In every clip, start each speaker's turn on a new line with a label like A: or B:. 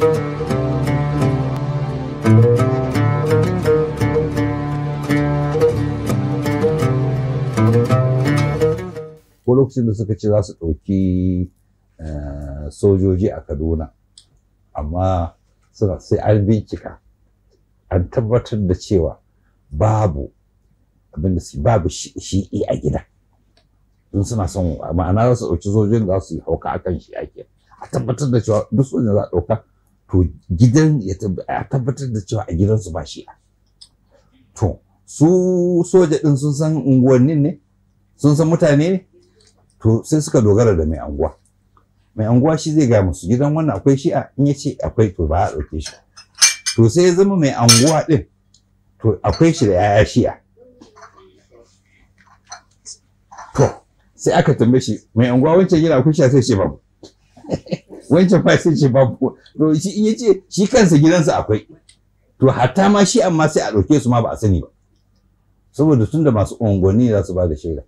A: ko lokacin da suka ce za su ɗauki eh, sojoji a kaduna amma suna sai an bincika an tabbatar da cewa babu abin da babu shi'i a gida in suna son ma'ana za su ɗauki sojojin za su hauka akan shi ake a tabbatar da cewa duk sojin za a ɗauka to gidan ya tabbatar da cewa a gidansu ba shi to su soja din sun san unguwannin ne sun san mutane ne to sai suka dogara da mai anguwa mai anguwa shi zai gaya musu gidan wannan akwai shi'a in ya ce akwai to ba a ɗauke shi to sai ya zama mai anguwa din, to akwai shi da yaya shi'a to sai aka tambaye shi mai anguwa wancan gida akwai shi'a sai ce babu wancan fa sai ce babu to shi in yace shi kansa gidansa akwai to hatta ma shi amma sai a ɗauke su ma ba a sani ba saboda tun da masu unguwanni za su ba da shaida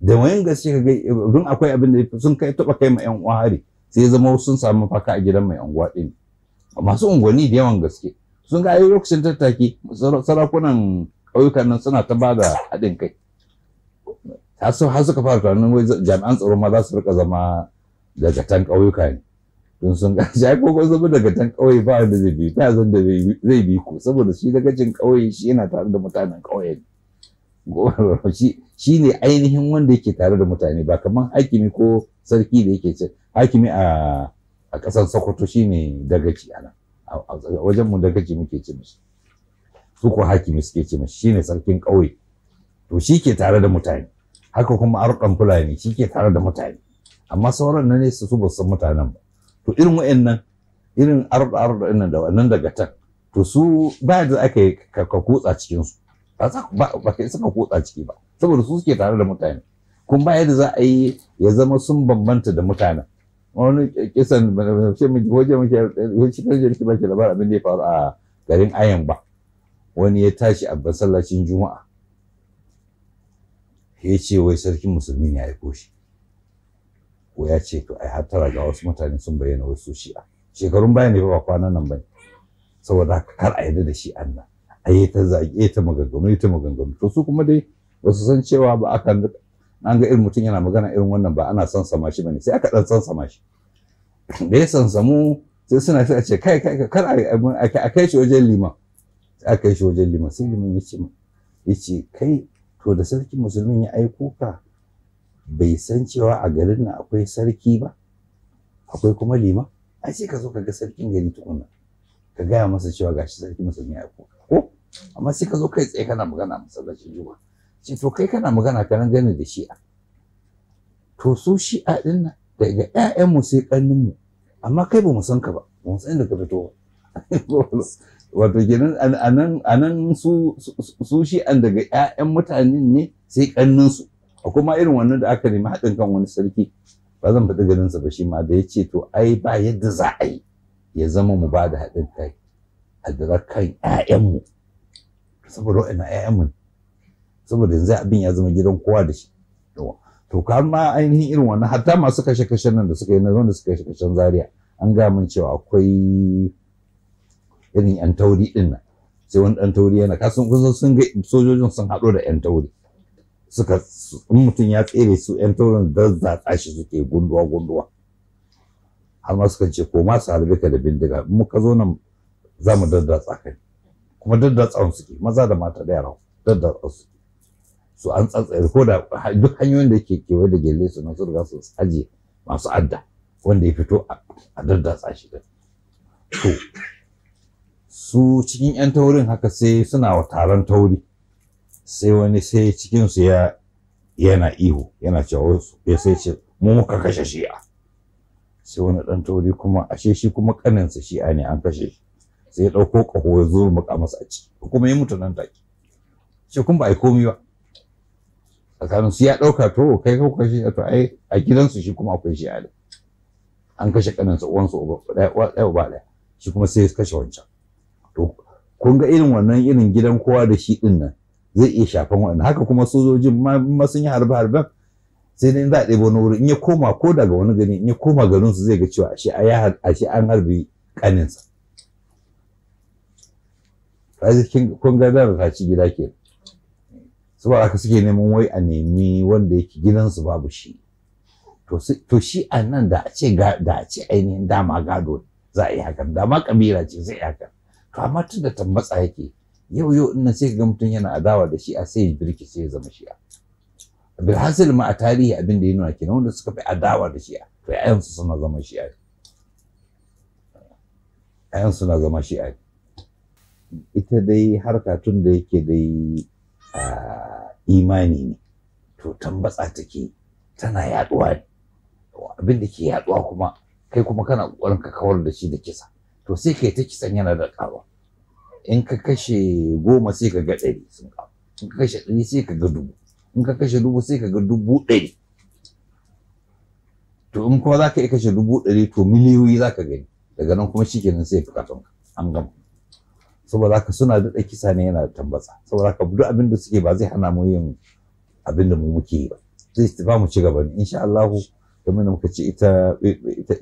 A: da wayan gaske ka gai don akwai abin da sun kai taba kai ma yan uwari sai ya zama sun samu mafaka a gidan mai unguwa din masu unguwanni da yawan gaske sun ga ayi lokacin tattaki sarakunan ƙauyukan nan suna ta ba da haɗin kai har suka fara tunanin jami'an tsaro ma za su rika zama daga tan ƙauyuka ne don sun ga ko ko saboda ga tan kauye ba da zai bi ta zan da zai bi ko saboda shi daga can kauye shi yana tare da mutanen kauye shi shi ne ainihin wanda yake tare da mutane ba kamar hakimi ko sarki da yake ce hakimi a a ƙasar Sokoto shine dagaci ana wajen mu dagaci muke ce mishi su ko hakimi suke ce mishi ne sarkin kauye to shi ke tare da mutane haka kuma arƙan fulani shi ke tare da mutane amma sauran nan ne su ba san mutanen ba to irin wa'annan irin arda arda da wannan daga ta, to su ba da ake ka kotsa cikin su ba ka isa ka kotsa ciki ba saboda su suke tare da mutane kun ba yadda za a yi ya zama sun bambanta da mutane. wani kisan ce miki waje muke wace ba ki baki abin da ya faru a garin ayan ba wani ya tashi a basallacin juma'a ya ce wai sarkin musulmi ne ya yi shi ko ya ce to ai hattara ga wasu mutane sun bayyana wasu shi'a shekarun baya ne ba kwanan nan bane saboda haka kar a yarda da shi Allah ai ta zage ta maganganu ta maganganu to su kuma dai wasu san cewa ba aka an ga irin mutum yana magana irin wannan ba ana son sama shi bane sai aka dan son sama shi da ya sansamu sai suna sai a ce kai kai kar a kai shi wajen liman a kai shi wajen liman sai liman ya ce ya ce kai to da sarki musulmin ya aiko ka bai san cewa a garin nan akwai sarki ba akwai kuma lima ai sai ka zo ka ga sarkin gari tukunna ka gaya masa cewa gashi sarki musulmi ya ko ko amma sai ka zo kai tsaye kana magana masallacin juma ce to kai kana magana ka kana gani da shi'a to su shi'a din nan daga ƴaƴan mu sai kannin mu amma kai ba mu san ka ba ba mu san da ka fito wato kenan anan anan su su shi'an daga ƴaƴan mutanen ne sai kannin su akwai ma irin wannan da aka nemi haɗin kan wani sarki ba zan faɗi ganinsa ba shi ma da ya ce to ai ba yadda za a yi ya zama mu ba da haɗin kai a hadarar kan ƴaƴanmu saboda wa'ina ƴaƴanmu saboda yanzu abin ya zama gidan kowa da shi to ka ma ainihin irin wannan hatta masu kashe-kashen nan da suka yi na wanda suka kashe kashen zaria an ga min cewa akwai irin 'yan tauri ɗin nan sai wani ɗan tauri yana kasan kusan sun ga sojojin sun haɗo da 'yan tauri suka in mutum ya tsere su yan taurin da a tashi suke gunduwa gunduwa har ma suka ce ko ma su harbe ka da bindiga in muka zo nan za mu daddatsa kai kuma daddatsawan suke maza da mata da yara daddatsawan suke su an tsatsaye ko da duk hanyoyin da ke kewaye da gelle su na su riga su aje masu adda wanda ya fito a daddatsa shi da to su cikin yan taurin haka sai suna wa taron tauri sai wani sai cikinsu ya yana ihu yana cewa ya sai ce
B: mu muka kashe shi a.
A: sai wani ɗan tauri kuma ashe shi kuma ƙaninsa a ne an kashe shi sai ya ɗauko ƙaho ya zo muka masa a ciki kuma ya mutu nan take shi kuma ba a yi komi ba tsakanin su ya ɗauka to kai ka kashe to ai a gidansu shi kuma akwai a da an kashe ƙaninsa uwansa ɗaya ba ɗaya shi kuma sai ya kashe wancan to kun ga irin wannan irin gidan kowa da shi ɗin nan zai iya shafan waɗanda. haka kuma sojojin ma sun yi harbe harben sai dai za a ɗebo wani wuri in ya koma ko daga wani gani in ya koma garin su zai ga cewa ashe an harbi kaninsa kun ga da ta ci gida ke saboda haka suke neman wai a nemi wanda yake gidansu babu shi to shi a nan da a ce da a ce ainihin dama gado za a yi hakan dama kabila ce zai yi hakan to amma tun da tambatsa yake yau yau ina sai ga mutum yana adawa da shi'a sai ya birki sai ya zama shi'a hasil ma a tarihi abin da ya nuna kenan wanda suka fi adawa da shi'a to ƴaƴansu suna zama shi'a ƴaƴan suna zama shi'a ita dai harka tun da yake dai imani ne to tambatsa take tana yaduwa abin da ke yaduwa kuma kai kuma kana kokarin ka kawar da shi da kisa to sai kai ta kisan yana da ƙawa in ka kashe goma sai ka ga ɗari sun ka in ka kashe ɗari sai ka ga dubu in ka kashe dubu sai ka ga dubu ɗari to in kuma za ka iya kashe dubu ɗari to miliyoyi za ka gani daga nan kuma shi kenan sai ka, an gama saboda haka suna daɗa kisa ne yana tambasa saboda haka duk abin da suke ba zai hana mu yin abin da mu muke yi ba zai ba mu ci gaba ne insha Allah kamar da muka ce ita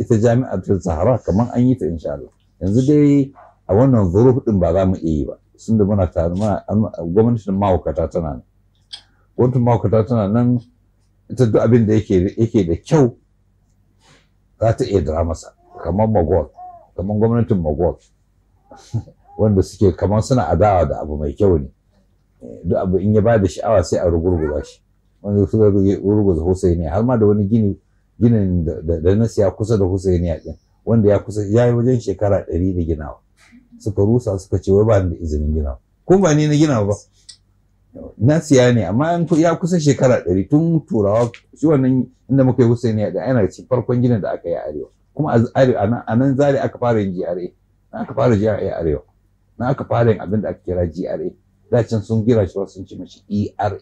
A: ita jami'ar Sahara kamar an yi ta insha Allah yanzu dai a wannan zuruf din ba za mu iya yi ba sun da muna tare ma gwamnatin mahaukata tana nan gwamnatin mahaukata tana nan ita duk abin da yake da kyau za ta iya dira masa kamar magol kamar gwamnatin magol wanda suke kamar suna adawa da abu mai kyau ne eh, duk abu in ya ba da sha'awa sai a rugurguza shi wanda suka rugurguza husaini har ma da wani gini ginin da na siya kusa da husaini a din wanda ya kusa ya yi wajen shekara ɗari da ginawa suka rusa suka ce wai ba da izinin gina kun ba ni na gina ba na siya ne amma ya kusa shekara ɗari tun turawa shi wannan inda muka yi Hussein ya da yana ci farkon ginin da aka yi a arewa kuma a nan zari aka fara yin GRA na aka fara GRA arewa na aka fara yin abin da aka kira GRA dacin sun gira shi sun ci mashi ERA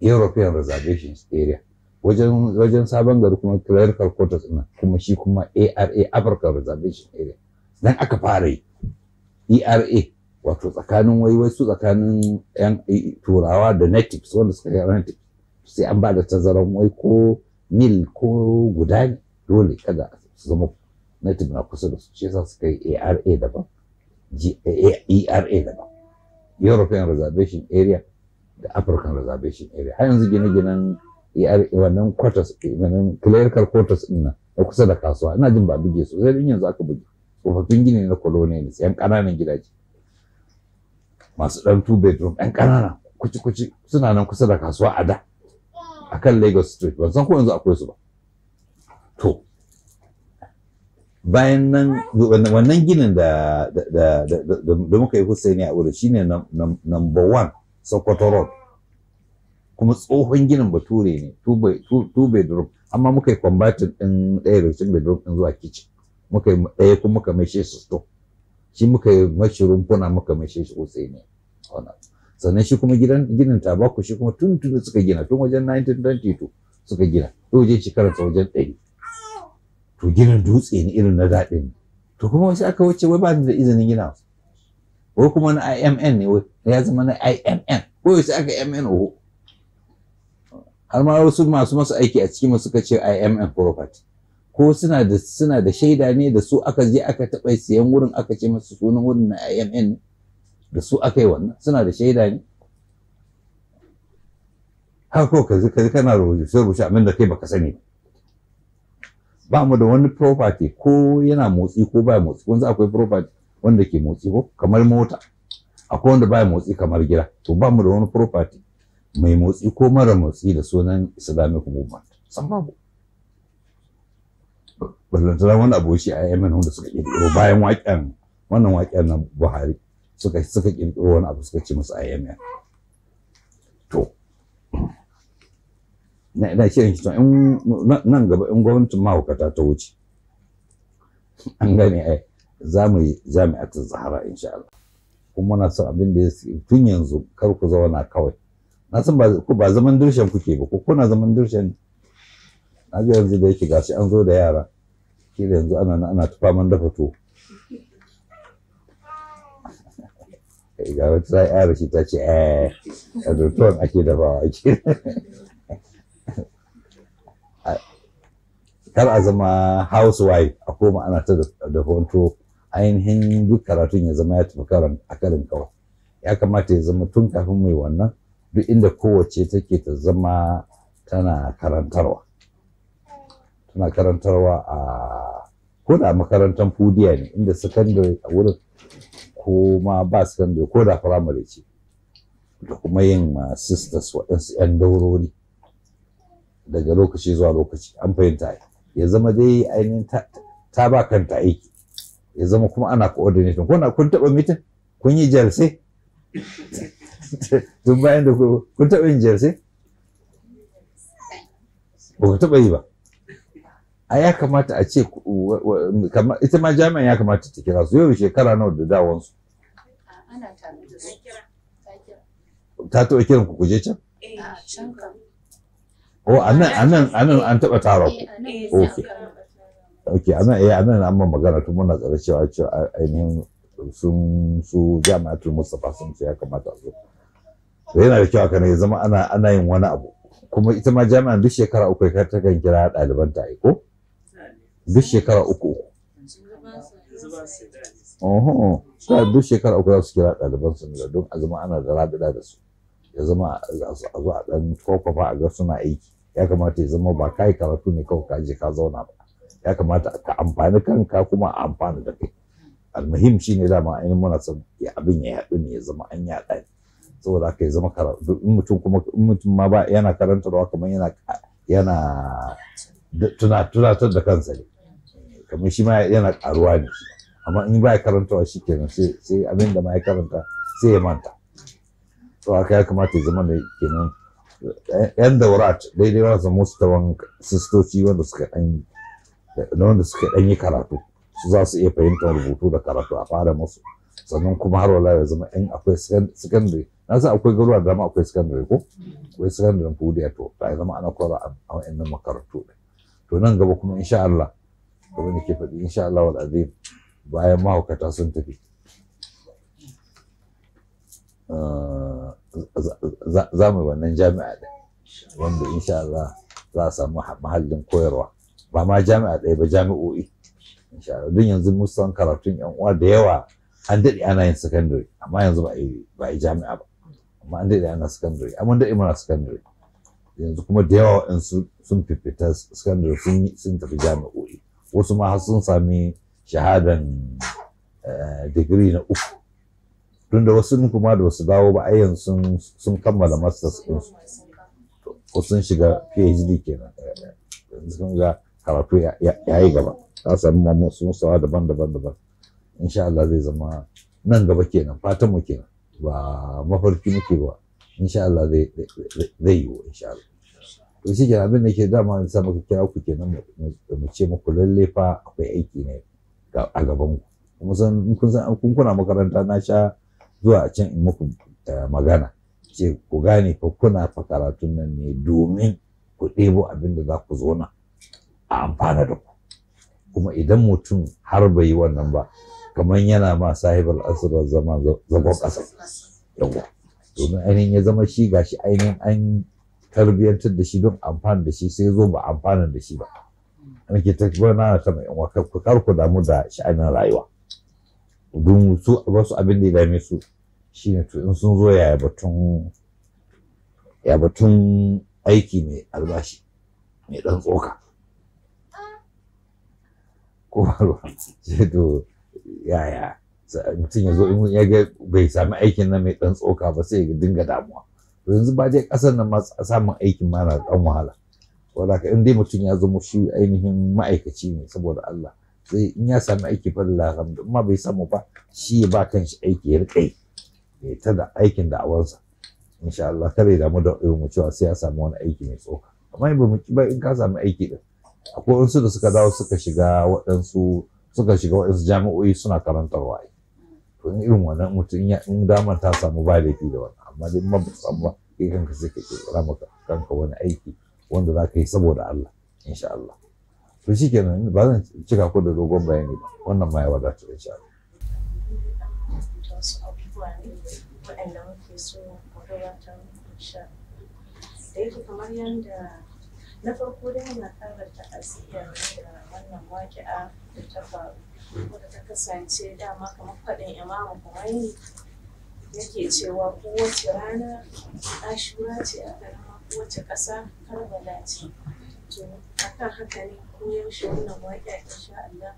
A: European Reservations Area wajen sabon gari kuma clerical quarters kuma shi kuma ARA African Reservation Area nan aka fara yi era wato tsakanin waiwai su tsakanin yan e, turawa da natives wanda suka yi natives sai an ba da tazaran wai ko mil ko guda dole kada su zama native na kusa da su shi yasa suka yi era daban era e daban european reservation area da african reservation area har yanzu gine-ginen e wannan quarters wannan clerical quarters din nan na kusa da kasuwa ina jin ba buge sosai din yanzu aka buge tsofaffin gini na colonials yan kananan gidaje masu ɗan two bedroom yan kanana kuci kuci suna nan kusa da kasuwa a da a kan lagos street ban san ko yanzu akwai su ba to bayan nan wannan ginin da da muka yi Hussaini a wuri shine number one Sokoto Road kuma tsohon ginin bature ne two bedroom amma muka yi converted ɗin ɗaya da cikin bedroom zuwa kitchen muka yi ɗaya kuma muka mai shi to shi muka yi mashi rumfuna muka mai shi kutse ne sannan shi kuma gidan ginin tabaku shi kuma tun tun suka gina tun wajen 1922 suka gina to wajen shekarar sa wajen ɗari to ginin dutse ne irin na daɗin to kuma wasu aka wuce wai ba da izinin gina wai kuma na IMN ne wai ya zama na IMN ko wasu aka MN oho har ma wasu masu masu aiki a cikin suka ce IMN property ko suna da suna da shaida ne da su aka je aka taɓa siyan wurin aka ce masu sunan wurin na IMN da su aka yi wannan suna da shaida ne har ko ka zika kana rubuce rubuce abin da kai baka sani ba mu da wani property ko yana motsi ko baya motsi kun akwai property wanda ke motsi ko kamar mota akwai wanda baya motsi kamar gida to ba mu da wani property mai motsi ko mara motsi da sunan islamic movement san babu ballantana wani aboki a yamen wanda suka kirkiro bayan waƙen wannan waƙen na buhari suka suka kirkiro wani abu suka ce masa a yamen to na ina kiran ki in nan gaba in gwamnatin mahaukata ta wuce an gane ai za mu yi jami'atul zahara insha Allah kuma muna son abin da ya tun yanzu kar ku zauna kawai na san ba zaman dirshen kuke ba ko kuna zaman dirshen na yanzu da yake gashi an zo da yara kila yanzu ana nan ana tufa man dafa to ga wata sai yara shi ta ce eh a doktor ake dafawa ake kar a zama housewife a koma ana ta dafa to ainihin duk karatun ya zama ya tafi karan a karin kawai ya kamata ya zama tun kafin mai wannan duk inda kowace take ta zama tana karantarwa tana karantarwa a ko da makarantar fudiya ne inda secondary a wurin ko ma ba secondary ko da primary ce da kuma yin ma ah, sisters waɗansu 'yan daurori daga lokaci zuwa lokaci an fahimta ya zama dai ainihin ta ba kanta aiki ya zama kuma ana coordinating kuna kun taɓa mitin kun yi jalse tun bayan da kun taɓa yin jalse ba ku taɓa yi ba a ya kamata a ce ita ma jami'an ya kamata ta kira su yau shekara nawa da dawansu ta taɓa kiran ku kuje can? Oh, anan anan anan an taɓa tara ku. ok ok anan eh anan an ma magana tun muna tsare cewa cewa ainihin sun su jami'atul Mustapha sun ce ya kamata a zo. To yana da kyau a kanai zama ana ana yin wani abu. Kuma ita ma jami'an duk shekara uku ta kan kira ɗalibanta ai ko? duk shekara uku uku duk shekara uku za su kira ɗaliban su da don a zama ana da raɗaɗa da su. Ya zama a zo a ɗan kwakwafa a ga suna aiki. Ya kamata ya zama ba kai karatu ne kawai ka je ka zauna ba. Ya kamata ka amfani kanka kuma a amfani da kai. Almuhim shi ne dama ainihin muna son ya abin ya yaɗu ne ya zama an yaɗa ne. Saboda haka ya zama karatu. In mutum kuma in mutum ma ba yana karantarwa kamar yana yana tunatar da kansa ne. kamar shi ma yana karuwa ne amma in ba ya karantawa shi kenan sai abin da ma ya karanta sai ya manta to haka ya kamata ya zama da kenan yan daurat daidai ba su mustawan sistoci wanda suka dan wanda suka dan yi karatu su za su iya fahimtar rubutu da karatu a fara musu sannan kuma har wala ya zama in akwai secondary na san akwai garuwa da dama akwai secondary ko akwai secondary na fudiya to ta zama ana kora a wa'annan makarantu to nan gaba kuma insha Allah kuma da ke faɗi insha Allah wal azim bayan mahaukata sun tafi ah, za mu wannan jami'a ɗin wanda insha Allah za a samu mahallin koyarwa ba ma jami'a ɗaya ba jami'o'i insha Allah don yanzu mun san karatun yan uwa da yawa an daɗe ana yin secondary amma yanzu ba a yi jami'a ba amma an daɗe ana secondary amma an daɗe muna secondary yanzu kuma da yawa sun fifita secondary sun tafi jami'o'i wasu ma sun sami shahadan eh, digiri na uku tunda wasu kuma da wasu dawo ba ayyan sun kammala masters din su ko sun shiga phd kenan sun ga karatu ya yi gaba ta sami mamu sun sawa daban-daban daban insha Allah zai zama nan gaba kenan fatan mu kenan ba mafarki muke ba insha Allah zai yiwu insha Allah to shi kenan abin da ke dama da maka kira ku kenan mu ce muku lalle fa akwai aiki ne a gaban ku kuma san kun san kun kuna makaranta na sha zuwa a can in muku eh, magana ce ku gane fa kuna fa karatun nan ne domin ku ɗebo abin da za ku zona a amfana da ku kuma idan mutum har bai yi wannan ba kamar yana ma sahibar asirar zama zagon ƙasa yawa domin ainihin ya zama shi gashi ainihin an tarbiyyantar da shi don amfani da shi sai zo ba amfanin da shi ba ke ta na ta mai yan kar ku kar ku damu da sha'anin rayuwa don su wasu abin da ya dame su shi ne to in sun zo ya batun ya batun aiki mai albashi mai dan tsoka ko ba to yaya mutum ya zo in ya ga bai sami aikin nan mai dan tsoka ba sai ya dinga damuwa yanzu ba je ƙasar nan ma samun aikin ma na ɗan wahala wanda ka in dai mutum ya zama shi ainihin ma'aikaci ne saboda Allah sai in ya sami aiki fa Allah amma bai samu ba shi ba kanshi aiki ya riƙe ne ta da aikin da awansa insha Allah kada ya damu da mu cewa sai ya samu wani aiki mai tsoka amma in ba mu ba in ka samu aiki din akwai wasu da suka dawo suka shiga waɗansu suka shiga waɗansu jami'o'i suna karantarwa to in irin wannan mutum in damar ta samu ba laifi da wannan amma dai mabba samu kai kanka sai ka kirkira maka kanka wani aiki wanda za ka yi saboda Allah insha Allah to shi kenan ba zan cika ku da dogon bayani ba wannan ma ya wadata insha Allah
B: abubuwa ne so da yake kamar yadda na farko dai na karar ta'aziyya da wannan waƙi'a da ta faru wadda ta kasance dama kamar faɗin imamu Khomeini yake cewa kowace rana ashura ce aka rama kowace ƙasa karbala ce to akan haka ne koyaushe wannan waƙa insha Allah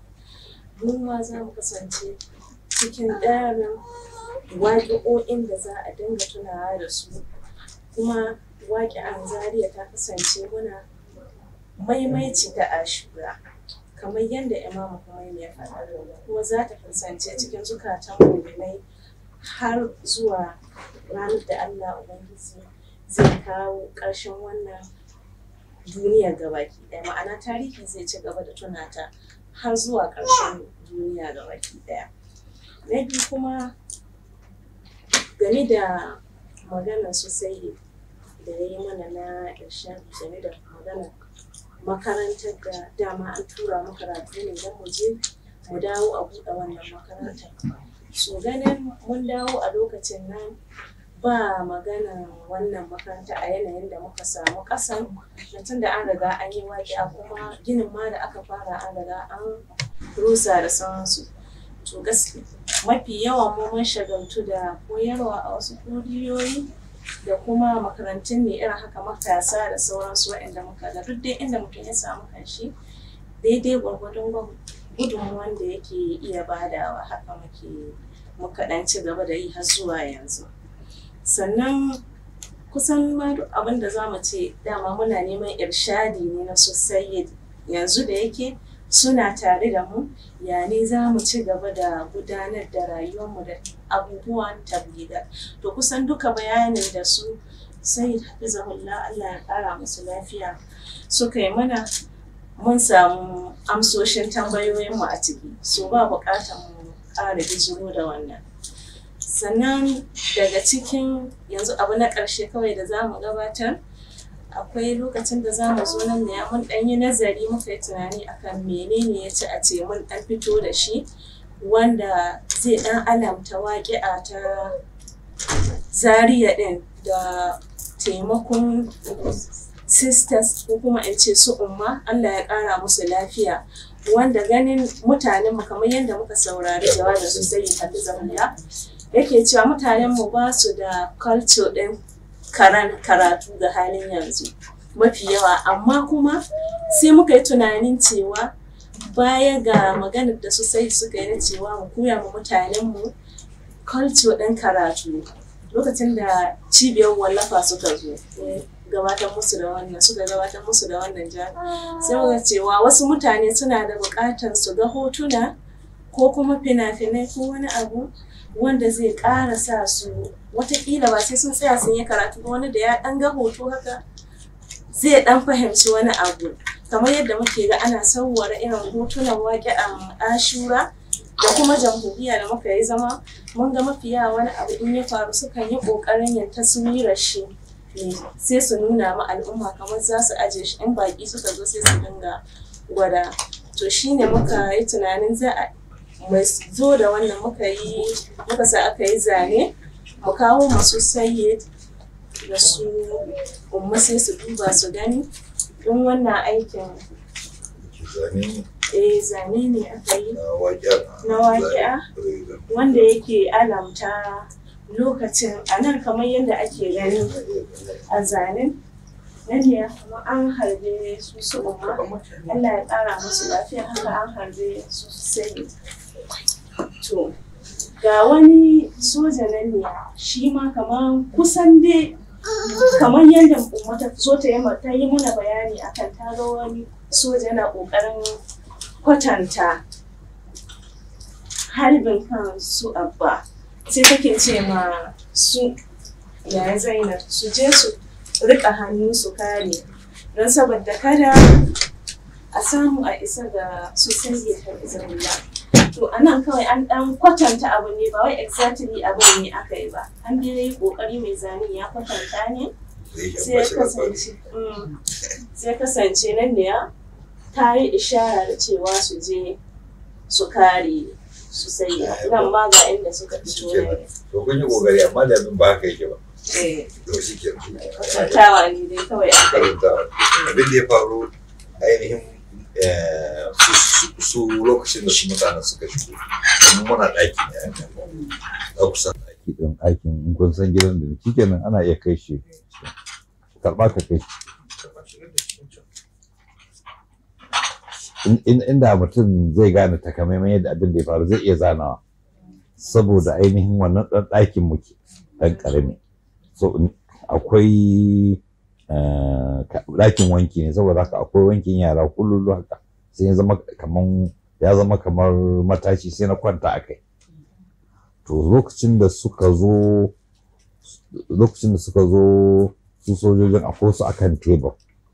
B: mu ma za mu kasance cikin ɗarin
A: waƙo'in
B: da za a dinga tunawa da su kuma waƙi'an zaria ta kasance muna maimaici da ashura kamar yadda imamu kuma ya faɗa kuma za ta kasance cikin zukatan muminai har zuwa ranar da Allah Ubangiji zai kawo ƙarshen wannan duniyar gabaki ɗaya ma'ana tarihi zai ci gaba da tunata har zuwa ƙarshen duniya gabaki ɗaya na biyu kuma gani da magana sosai da ya yi mana na ƙarshen game da magana makarantar da dama an tura makaratu ne don mu je mu dawo a buɗe wannan makarantar so ganin mun dawo a lokacin nan ba magana wannan makaranta a yanayin da muka samu kasan tun da an riga an yi a kuma ginin ma da aka fara an riga an rusa da sauransu to mafi yawan mu mun shagaltu da koyarwa a wasu kudiyoyi da kuma makarantun ne irin haka matasa da sauransu waɗanda muka ga duk dai inda mutum ya samu kanshi daidai gwargwadon gudunmuwan da yake iya badawa haka muke muka ɗan ci gaba da yi har zuwa yanzu sannan kusan ma duk abin da za mu ce dama muna neman irshadi ne na sosai yanzu da yake suna tare da mu ya za mu ci gaba da gudanar da rayuwarmu da abubuwan tabbida to kusan duka bayanin da su sai hafizahullah Allah ya ƙara musu lafiya suka yi mana mun samu amsoshin tambayoyinmu a ciki so ba bukatar mu ƙara bijiro da wannan sannan daga cikin yanzu abu na ƙarshe kawai da za mu gabatar akwai lokacin da za mu zo nan ne mun ɗan yi nazari muka yi tunani akan menene ya ci a ce mun ɗan fito da shi wanda zai ɗan alamta waƙi'a ta zariya ɗin da taimakon sisters ko kuma in ce su umma Allah ya ƙara musu lafiya wanda ganin mutanen mu kamar yadda muka saurari jawabin su sai tafi zamaniya yake cewa mutanen mu ba su da culture din karan karatu ga halin yanzu mafi yawa amma kuma sai muka yi tunanin cewa baya ga maganar da su sai suka yi cewa mu koya ma mutanen mu culture din karatu lokacin da cibiyar wallafa suka zo gabatar musu da wannan suka gabatar musu da wannan jari ah. sai muka cewa wasu mutane suna da buƙatar su ga hotuna ko kuma fina-finai ko wani abu wanda zai ƙara sa su watakila ba sai sun tsaya sun yi karatu ba wani da ya ɗan ga hoto haka zai ɗan fahimci wani abu kamar yadda muke ga ana sauwara irin hotunan waƙe a ashura da kuma jamhuriya da muka yi zama mun ga mafiya wani abu in ya faru sukan yi ƙoƙarin ya taswira shi sai su nuna ma al'umma kamar za su aje shi in baki suka zo sai su dinga gwada to shine muka yi tunanin za a zo da wannan muka yi muka sa aka yi zane mu kawo masu sayyid da su umma sai su duba su gani in wannan aikin eh zane ne aka yi na waƙi'a wanda yake alamta lokacin a nan kamar yadda ake gani a zanen nan ne kuma an harbe su su umma Allah ya ƙara musu lafiya haka an harbe su sai to ga wani soja nan ne shi ma kamar kusan dai kamar yadda umma ta zo ta yi mana bayani akan ta ga wani soja na ƙoƙarin kwatanta harbin kan su abba sai take ce ma su yaya zainab su je su rika hannu su kare don saboda kada a samu a isa ga su ta izrilla to a nan kawai an dan kwatanta abu ne ba wai exactly abu ne aka yi ba an dai yi kokari mai zani ya kwatanta ne sai mm, kasance nan ne ya ta yi ishara cewa su je su kare sosai nan ma ga inda suka fito ne
A: to kun yi kokari amma da abin ba haka yake ba eh. to shi ke ne dai kawai a karantawa abin da ya faru ainihin eh, su lokacin da su mutanen suka shigo muna daki ne a kusan ɗaki ɗin aikin in kun san gidan da shi nan ana iya kai shi karɓa ka kai shi In inda mutum zai gane takamaiman yadda abin da ya faru zai iya zanawa saboda ainihin wannan ɗan ɗakin muke ɗan ƙarami so akwai eh, ɗakin wanki ne saboda haka akwai wankin yara kullum haka sai ya zama kamar ya zama kamar matashi sai na kwanta a kai to lokacin da suka zo lokacin da suka zo su sojojin akwai su akan tebur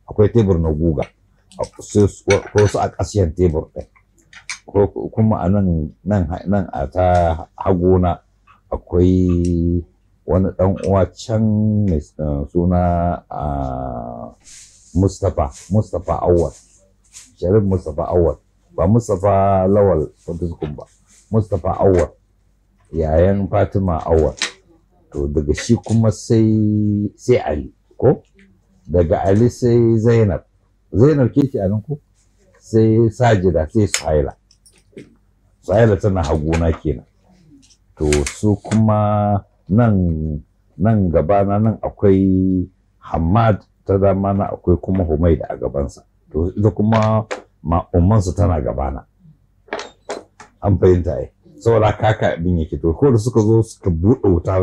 A: akwai tebur na guga ko su a ƙasiyar tebur ɗin ko kuma a nan a ta hagona akwai wani ɗan uwa can mai eh, suna a ah, mustapha mustapha awal sharif mustapha awal ba mustapha lawal fatiskun ba mustapha awal yayan fatima awal to daga shi kuma sai ali ko daga ali sai zainab zainab ke ce a nan ko sai sajida sai suhaila suhaila tana haguna kenan to su kuma nan nan gaba na nan akwai hamad ta dama na akwai kuma humai da a gabansa to ita kuma ma'ummansu tana gabana an fahimta ai saboda kaka abin yake to ko da suka zo suka buɗe wuta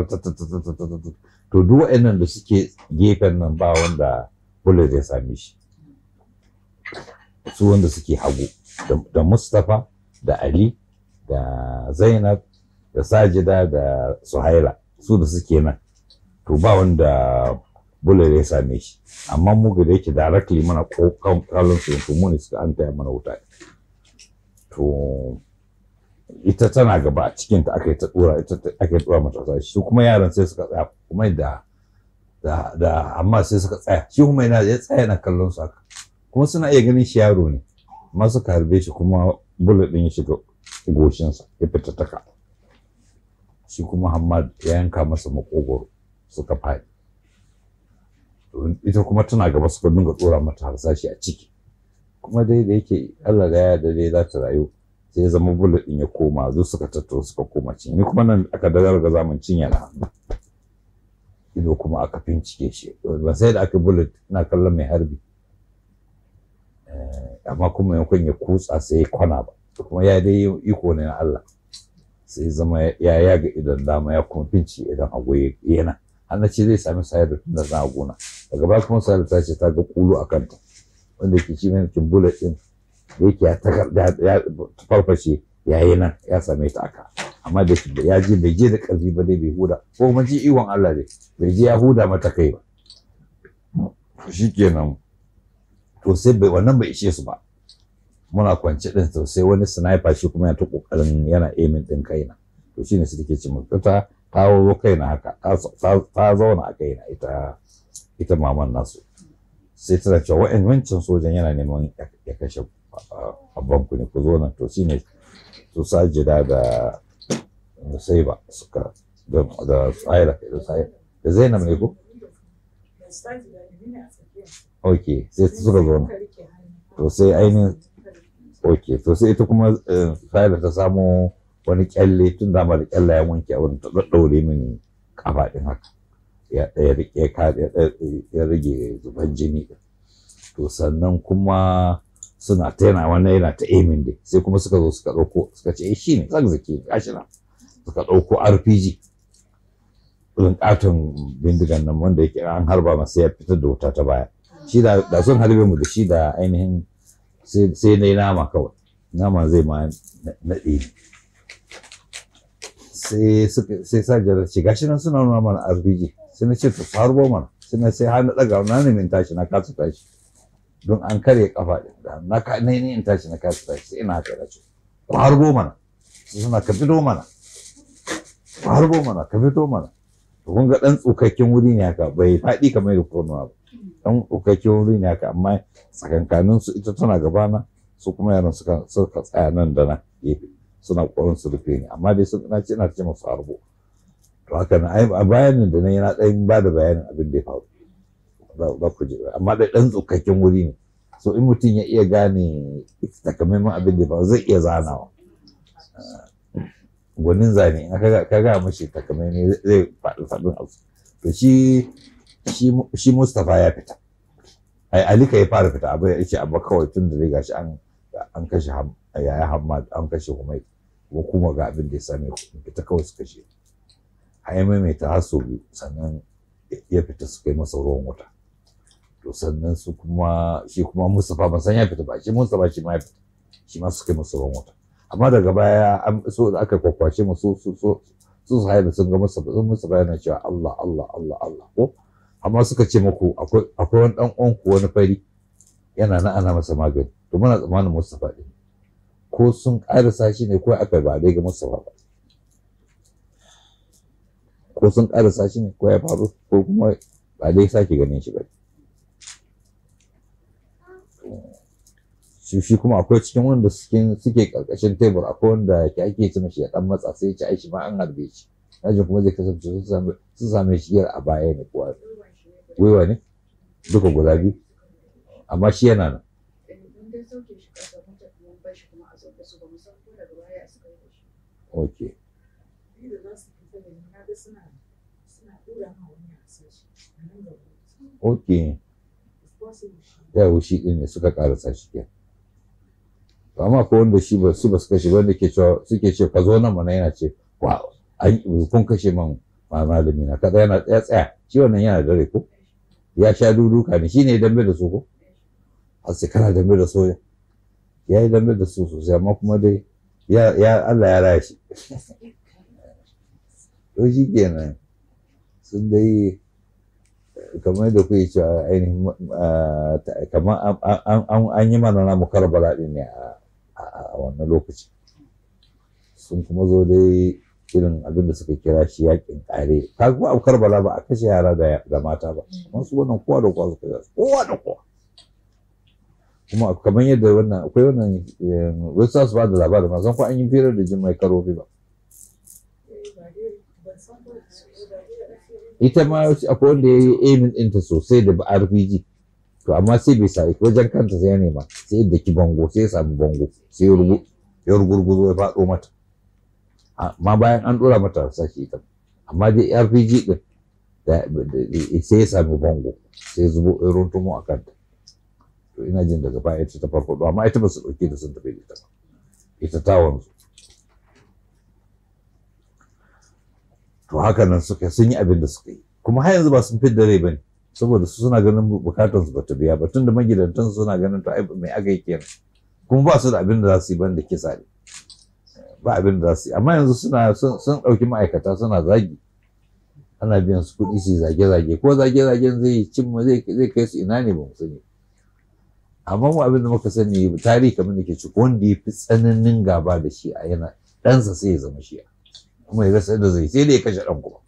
A: to duk waɗannan da suke gefen nan ba wanda bullet ya same shi su wanda suke hagu da Mustapha da Ali da Zainab da Sajida da Suhaila su da suke nan to ba wanda bullet ya same shi amma mu da yake directly mana ko kallon su to mu ne suka an taya mana wuta to ita tana gaba a cikin ta aka ta dora ita aka dora mata sai su kuma yaran sai suka tsaya kuma da da amma sai suka tsaya shi kuma yana ya tsaya na kallon su haka kuma suna iya ganin shi yaro ne amma suka harbe shi kuma bullet din ya shiga goshinsa ya fita taka shi kuma Hamad ya yanka masa makogoro suka fadi. ita kuma tana gaba suka dinga tsora mata harsashi a ciki kuma dai da yake Allah da ya dai za ta rayu sai zama bullet din ya koma zo suka tattaro suka koma cin ni kuma nan aka dagar ga zaman cinya na ido kuma aka fincike shi ba sai da aka bullet ina kallon mai harbi Eh, amma kuma yankun ya kutsa sai kwana ba kuma ya dai iko ne na Allah sai zama ya yaga idan dama ya kuma finci idan agoye yana har ce zai sami sayar da tun na gona daga ba kuma sayar ta ce ta ga kulu a kanta wanda ke ci mai kin bullet din yake ya ya farfashe ya yi nan ya same ta aka amma da ya ji bai je da karfi ba dai bai huda ko kuma ji iwon Allah dai bai je ya huda mata kai ba kenan to sai bai wannan bai ishe su ba muna kwance din to sai wani sniper shi kuma ya ta kokarin yana aiming din kaina to shine su take cin ta ta wuro kaina haka ta zauna a kaina ita ita maman nasu sai tana cewa wa'in wancan sojan yana neman ya kashe abban ku ne ku zo nan to shine su da da sai suka da da da da zainab ne ko ok sai suka zo to sai ainihin ok to sai ita kuma Saila eh, ta samo wani kyalle tun da da kyalle ya wanke a wurin ta daddaure mini kafa din haka ya ya rage zuban jini to sannan kuma suna ta yana wannan yana ta aimin dai sai kuma suka zo suka ɗauko suka ce eh, shi ne zan zake gashi nan suka ɗauko rpg irin katon bindigan nan wanda yake an harba masu ya fitar da wuta ta baya shi da sun harbe mu da shi da ainihin sai na nama kawai nama zai ma naɗe sai sa jarar ce gashi nan suna nuna mana arziki sai na ce su faruwa mana sai na sai har na daga na ne min tashi na kasu tashi don an karya kafa da na ka ne ne in tashi na kasu tashi sai ina haka race Faruwa mana suna ka fito mana Faruwa mana ka fito mana kun ga ɗan tsukakken wuri ne haka bai faɗi kamar da kurnuwa ba ɗan tsukakken wuri ne haka amma tsakankanin su ita tana gabana su kuma yaran suka suka tsaya nan da nan gefe suna ƙoƙarin su rufe ni amma dai sun ce ina ce masu harbo to haka na ai a bayanin da na yana ɗan ba da bayanin abin da ya faru za ku ji amma dai ɗan tsukakken wuri ne so in mutum ya iya gane takamaiman abin da ya faru zai iya zanawa gwanin zane in ka ga mashi takamaimai zai faɗi faɗin abu to shi shi Mustapha ya fita ai Ali ka fara fita abu ya ce amma kawai tun da zai gashi an an kashe yaya Hamad an kashe Humai kuma kuma ga abin da ya same fita kawai su kashe ai maimaita ta haso bi sannan ya fita su kai masa ruwan wuta to sannan su kuma shi kuma Mustapha ba san ya fita ba shi Mustapha shi ma ya fita shi ma su kai masa ruwan wuta amma daga baya an so da aka kwakwashe mu su su su sai da sun ga masa sun masa bayanin cewa Allah Allah Allah Allah ko amma suka ce muku akwai akwai wani dan uwan ku wani fari yana na ana masa magani to muna tsammanin Mustafa din ko sun karasa shi ne ko aka ba dai ga Mustafa ba ko sun karasa shi ne ko ya faru ko kuma ba dai sake ganin shi ba su shi kuma akwai cikin wanda suke suke karkashin tebur akwai wanda ke ake ci shi ya dan matsa sai ya ci aiki ma an harbe shi yajin kuma zai kasance su same shi yar a baya ne kuwa gwiwa ne duka guda biyu amma shi yana nan ok ok ya wushi ɗin ne suka ƙarasa shi kenan amma ko wanda shi ba su ba su kashe wanda ke cewa suke ce ka zo nan mana yana ce wa an kun kashe man malami na kada yana tsaya tsaya shi wannan yana dare ko ya sha duduka ne shine dambe da su ko har sai kana dambe da soja ya yi dambe da su sosai amma kuma dai ya Allah ya raya shi to shi kenan sun dai kamar da kuke cewa ainihin ah, kamar an yi mana namu karbala ne a a wannan lokaci sun kuma zo dai irin abin da suka kira shi yakin kare ka kuma abu karbala ba a kashe yara da mata ba kuma mm. su wannan kowa da kowa suka ga kowa da kowa kuma kamar yadda wannan akwai wannan eh, wasu su ba da labarin ma san ko an yi firar da jin mai karofi ba ita ma akwai wanda ya yi aimin ɗinta sosai da RPG to amma sai bai sa wajen kanta sai ya nema sai yadda ki bango sai ya samu bango sai ya rugurguzo ya faɗo mata amma bayan an ɗora mata sashi ita amma dai rpg ɗin sai ya sami bango sai zubo irin tumo a kanta to ina jin daga baya ita ta farko amma ita ba su ɗauki da sun tafi da ita ba ita ta wanzu to haka nan suka sun yi abin da suka yi kuma har yanzu ba sun fidda rai ba ne saboda su suna ganin bukatar su bata biya ba tun da magidantan su suna ganin to ai aka yi kenan kuma ba su da abin da za su yi ban da kisa ne ba abin da za su yi amma yanzu suna sun ɗauki ma'aikata suna zagi ana biyan su kuɗi su zage-zage ko zage-zagen zai ma zai kai su ina ne ba mu sani amma mu abin da muka sani tarihi kamar da ke ci wanda ya fi tsananin gaba da shi a yana ɗansa sai ya zama shi kuma ya rasa da zai sai da ya kashe ɗan kuma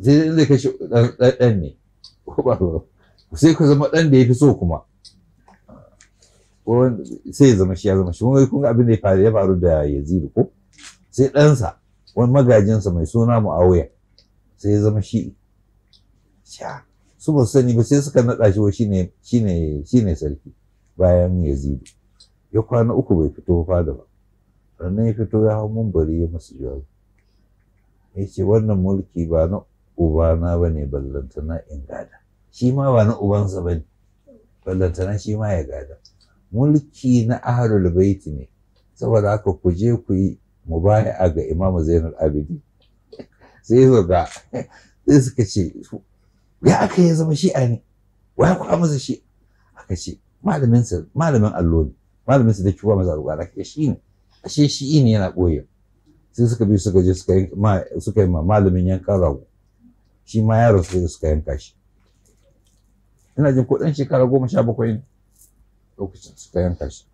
A: zai zai kashe ɗan ne sai ku zama ɗan da ya fi so kuma sai ya zama shi ya zama shi Wani kun abin da ya faru ya faru da yazidu ko sai ɗansa wani magajinsa mai suna Muawiya sai ya zama shi sha su ba su sani ba sai suka naɗa shi wa shine ne sarki bayan yazidu. ya kwana uku bai fito fada ba sannan ya fito ya hau mumbari ya masu jawabi ya ce wannan mulki ba na ubana ba ne ballantana in gada shi ma ba na ubansa ba ne ballantana shi ma ya gada mulki na ahlul bait ne saboda haka ku je ku yi mubaya'a ga imamu zainul abidi sai zo ga sai suka ce ya aka ya zama shi'a ne waya ku amsa shi aka ce malamin sa malamin allo ne malamin sa da kuwa maza ruwa da ke shi ne ashe shi ne yana boye sai suka bi suka je suka yi ma malamin yankan rago shi ma yaron su suka yanka shi ina jin kuɗin shekara goma sha bakwai lokacin suka yanka shi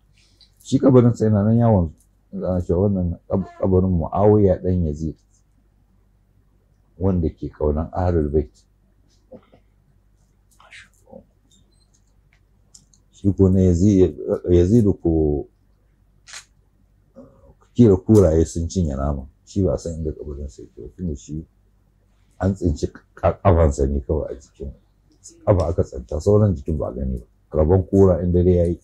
A: shi kabarin sai na nan yawon zana cewa wannan kabarin mu'awiya dan yazid wanda ke kaunan ahlul bait shi ko na yazid ko kira kuraye sun cinye nama shi ba san inda kabarin sai ke tunda shi an tsinci kafansa ne kawai a jikin kafa aka tsanta sauran jikin ba gani ba rabon kura in dare ya yi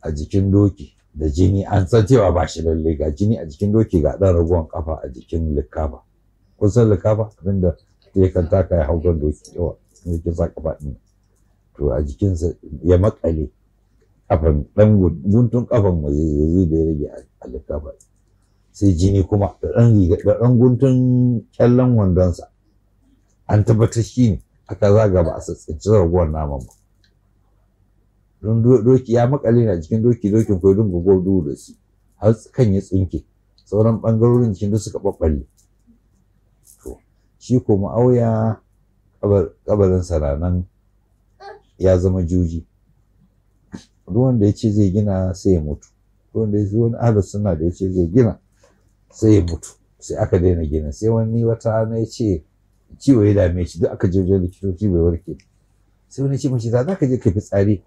A: a jikin doki da jini an san cewa ba shi lalle ga jini a jikin doki ga ɗan ragowar kafa a jikin likafa kun san likafa abinda ya kan taka ya hau gan doki yawa ne ke sa kafa ɗin to a jikinsa ya makale kafan ɗan guntun kafan mu zai da ya rage a likafa sai jini kuma da ɗan riga da ɗan guntun kyallon wandonsa an tabbatar shi ne aka zaga ba a tsatsinci raguwar naman ba don doki ya makale na jikin doki dokin ko dunga gobe da su har kan ya tsinke sauran ɓangarorin jikin duk suka ɓaɓɓalle to shi ko ma'auya kabarin saranan ya zama juji duk wanda ya ce zai gina sai ya mutu duk wanda ya wani abu suna da yace zai gina sai ya mutu sai aka daina ginin sai wani wata rana ya ce ciwo ya dame shi duk aka je wajen likitoci bai warke sai wani ce mace da za ka je ka fitsari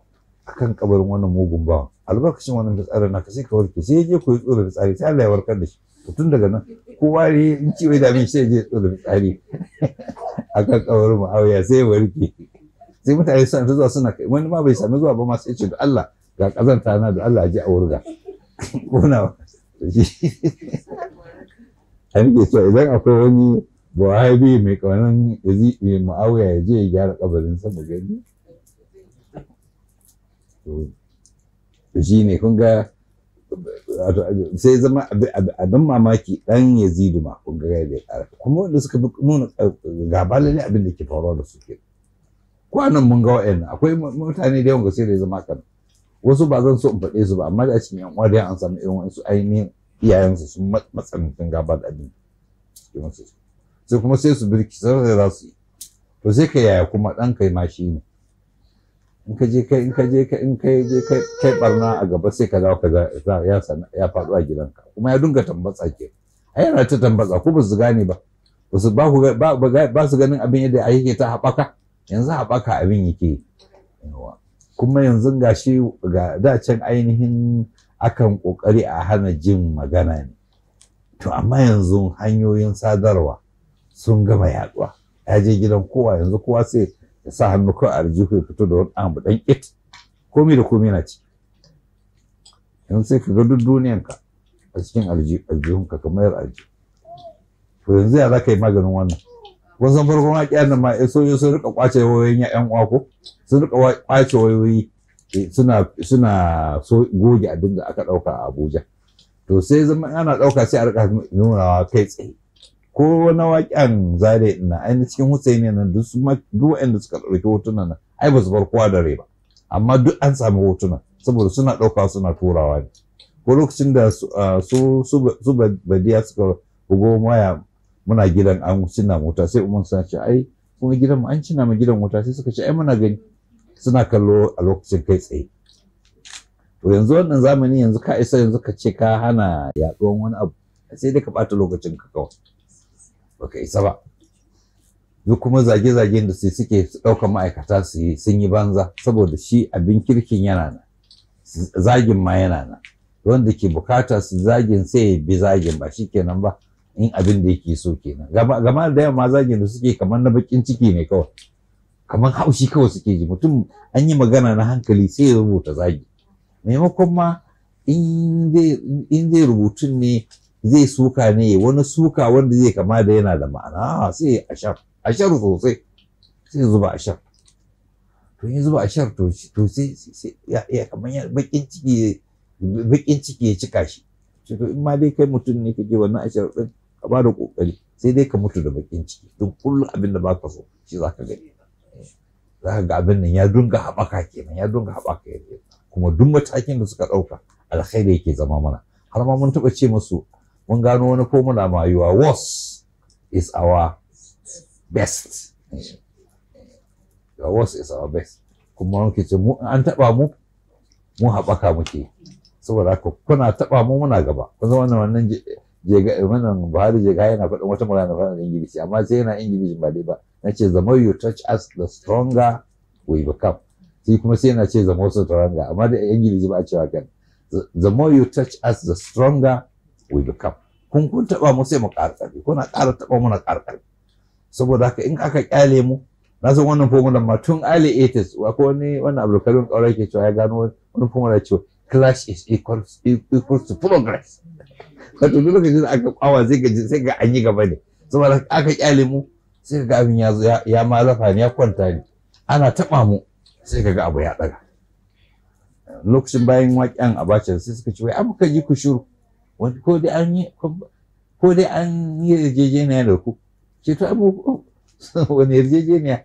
A: akan kabarin wannan mugun bawan albarkacin wannan fitsarin ka sai ka warke sai ya je koyi tsoro fitsari sai Allah ya warkar da shi tun daga nan kowa ne in ciwo ya dame shi sai ya je tsoro fitsari akan kabarin ma'auya sai ya warke sai mutane suna ta zuwa suna kai wani ma bai sami zuwa ba ma sai ce da Allah ga kazanta na da Allah ya ji a wurga ko na an ke idan akwai wani buhari mai ƙaunar mai ma'auya ya je ya gyara kabarin sa mu gani shi ne kun sai zama abin mamaki dan yazidu ma kun ga ya ƙara kuma wanda suka nuna gaba lalle abin ke faruwa da suke. kwanan mun ga wa'annan akwai mutane da yawan gasirai zama kan wasu ba zan so in faɗe su ba amma da cikin yan uwa da an samu irin wasu ainihin iyayensu sun matsanantan gaba da abin sai kuma sai su birki sai za su yi to sai ka yaya kuma ɗan kai ma shi ne in ka je kai in ka je kai in ka je kai kai barna a gaba sai ka dawo ka za ya sana ya faɗo a gidanka kuma ya dinga tambatsa ke ai yana ta tambatsa ko ba su gane ba ba su ba ku ba su ganin abin yadda ai yake ta haɓaka yanzu haɓaka abin yake yawa kuma yanzu shi ga da can ainihin akan ƙoƙari a hana jin magana ne to amma yanzu hanyoyin sadarwa sun gama yaduwa ya je gidan kowa yanzu kowa sai ya sa hannu kawai aljihu ya fito da wani abu dan it komi da komi na ci yanzu sai ka ga duk duniyanka a cikin aljihunka kamar aljihu to yanzu ya za ka yi maganin wannan wasan farkon haƙiyar nan ma so eh, sun rika kwace wayoyin ya'yan uwa ko sun rika kwace wayoyi Eh, suna suna so goge abin da aka ɗauka a Abuja. To sai zama ana ɗauka sai a rika nunawa kai tsaye. Ko na waƙen zare ina ainihin cikin Hussein nan duk wanda suka ɗauki hotunan nan ai ba su bar kowa da rai ba. Amma duk an samu hotunan saboda suna ɗauka suna turawa ne. Ko lokacin da su ah, su badiya suka bugo waya muna gidan an cinna mota sai umar suna ce ai kuma gidan mu an cina mu gidan mota sai suka ce ai muna gani. suna kallo a lokacin kai tsaye to yanzu wannan zamani yanzu ka isa yanzu ka ce ka hana yaduwan wani abu sai dai ka bata lokacin ka kawai baka isa ba duk kuma zage-zagen da sai suke ɗauka ma'aikata su yi sun yi banza saboda shi abin kirkin yana nan zagin ma yana na. wanda ke bukata su zagin sai ya bi zagin ba shi kenan ba in abin da yake so kenan gama da yamma zagin da suke kamar na bakin ciki ne kawai kamar haushi kawai suke ji mutum an yi magana na hankali sai ya rubuta zagi maimakon ma in zai rubutun ne zai suka ne wani suka wanda zai kama da yana da ma'ana sai ashar ashar sosai sai zuba ashar to in zuba ashar to sai ya kamar bakin ciki bakin ciki ya cika shi to in ma dai kai mutum ne kake wannan ashar din ka ba da kokari sai dai ka mutu da bakin ciki duk kullum abin da baka so shi zaka gani Zaka ga abin nan ya dunga haɓaka kenan ya dunga haɓaka yake kuma duk matakin da suka ɗauka alkhairi yake zama mana har ma mun taɓa ce musu mun gano wani ko muna mayuwa yiwa worst is our best your worst is our best kuma mun ce mu an taɓa mu mu haɓaka muke saboda haka kuna taɓa mu muna gaba kun zama wannan wannan Buhari gaya na faɗin wata magana faɗin Ingilishi amma sai yana Ingilishi ba dai ba na ce the more you touch us the stronger we become sai kuma sai yana ce the more stronger amma da Ingilishi ba a cewa kan the more you touch us the stronger we become kun kun taɓa mu sai mu ƙara kuna ƙara taɓa muna ƙara saboda haka in aka ƙyale mu na san wannan fomulan ma tun early 80s akwai wani wannan abdulkarim ƙaurar ke cewa ya gano wani fomulan cewa clash is equal to progress wato duk lokacin da aka kwawa sai ka sai ga an yi gaba ne saboda aka kyale mu sai ga abin ya zo ya ma ne ya kwanta ne ana taba mu sai ga abu ya daga lokacin bayan waƙen bacin sai suka ce wai abu ka yi kushur wani ko dai an yi ko dai an yi yarjejeniya da ku ce to abu wani yarjejeniya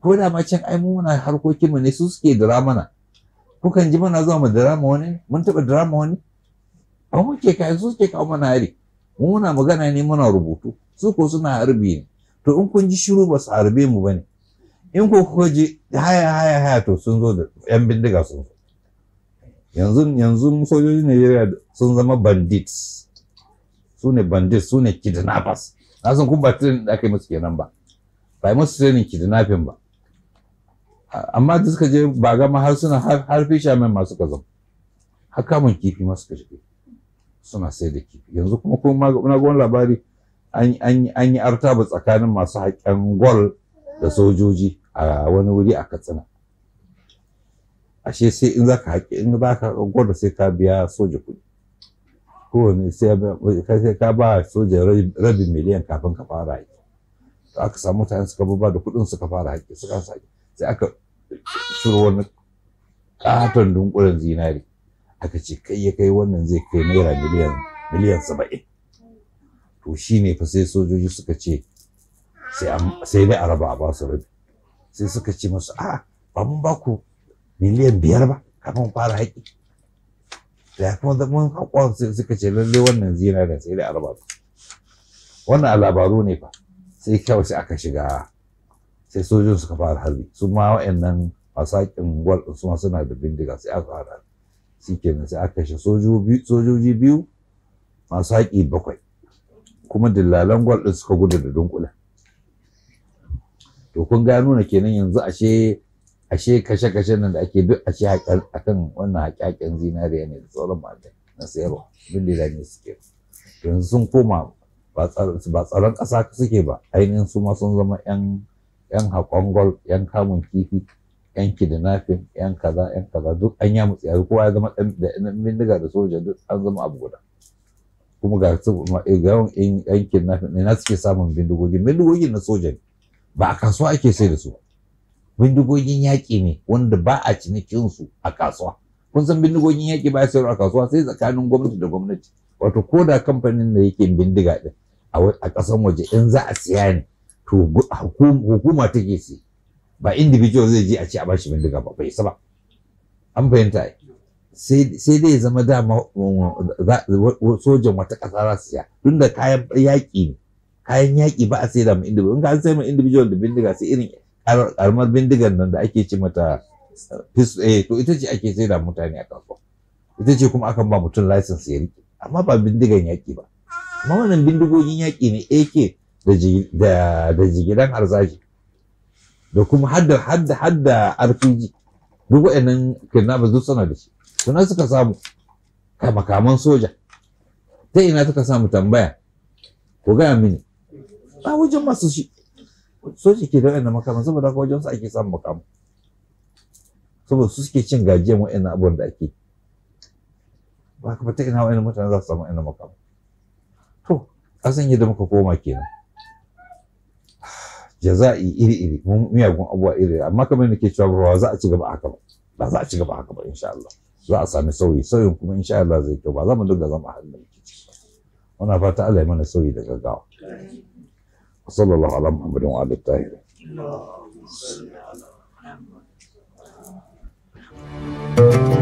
A: ko da ma can ai mu muna harkokin mu ne su suke dira mana kukan ji mana zuwa mu dira mu wani mun taba dira mu wani an wuce ka su suke kawo mana hari mu muna magana ne muna rubutu su ko suna harbi ne to in kun ji shiru ba su harbe mu ba ne in ko kuka ji haya haya haya to sun zo da yan bindiga sun zo yanzu yanzu sojojin Najeriya sun zama bandits su ne bandits su ne kidnappers na san kun ba training da aka yi musu kenan ba ba yi musu training kidnapping ba amma da suka je ba gama har suna har fishermen masu kazan har kamun kifi masu kashe suna sai da kifi yanzu kuma kuma na ga wani labari an yi artaba tsakanin masu haƙƙen gwal da sojoji a wani wuri a katsina ashe sai in zaka haƙƙi in za ka gwal da sai ka biya soja kuɗi kowane sai ka ba soja rabin miliyan kafin ka fara haƙƙi to aka samu mutane suka ba da kuɗin suka fara haƙƙi suka sai aka ciro wani ƙaton dunkulen zinari aka ce kai ya kai wannan zai kai naira miliyan miliyan saba'in to shi ne fa sai sojoji suka ce sai dai a raba a basu rabi sai suka ce masu a ba mun ba ku miliyan biyar ba kafin fara haƙi da ya kuma zaman sai suka ce lallai wannan zina da sai dai a raba wannan labaru ne fa sai kyau sai aka shiga sai sojoji suka fara harbi su ma wa'annan masu gwal su ma suna da bindiga sai aka fara harbi shikenan sai aka kashe sojoji biyu masu haƙi bakwai kuma dillalan gwal ɗin suka gudu da dunkula to kun gano na kenan yanzu ashe ashe kashe-kashe nan da ake duk ashe akan wannan haƙaƙen zinariya ne da tsoron mata na sayarwa duk da ne suke yanzu sun koma ba tsaron ƙasa suke ba ainihin su ma sun zama 'yan haƙon gwal 'yan kamun kifi yan kidnapping yan kaza yan kaza duk an ya mutsi yanzu kowa ya zama ɗan bindiga da soja duk an zama abu guda kuma ga su eh, yawan yan kidnapping ne suke samun bindigogin bindigogin na soja ne ba a kasuwa ake sai da su bindigogin yaƙi ne wanda ba a cinikin su a kasuwa kun san bindigogin yaƙi ba a sayarwa a kasuwa sai tsakanin gwamnati da gwamnati wato ko da kamfanin da yake bindiga din a ƙasan waje in za a siya ne to hukuma take siya ba individual zai je a ce a bashi bindiga ba bai ba an fahimta sai dai zama dama sojan wata ƙasa za su tun kayan yaƙi ne kayan yaƙi ba a sai da mu individual in ka sai mu individual da bindiga sai irin karamar bindigan nan da ake ce mata eh to ita ce ake sai da mutane a kasuwa ita ce kuma akan ba mutum license ya riƙe. amma ba bindigan yaƙi ba amma wannan bindigogin yaƙi ne AK da jigidan arzaki? da kuma hadda hadda hadda RPG duk waɗannan kidnappers duk suna da shi suna suka samu makaman soja ta ina suka samu tambaya ko gaya mini ba wajen masu shi soja ke da waɗannan makaman saboda haka wajen su ake samun makaman saboda su suke cin gajiyan waɗannan abubuwan da ake ba ka ta ina waɗannan mutane za su samu waɗannan makaman to a yi yadda muka koma kenan jaza'i iri-iri miyagun abubuwa iri amma kamar da ke cewa ba za a ci gaba haka ba ba za a ci gaba haka ba insha Allah za a sami sauyi sauyin kuma insha Allah zai kyau ba za mu dinga zama halin da muke ciki muna fata Allah ya mana sauyi da gaggawa sallallahu ala muhammadin wa alihi tahir Thank you.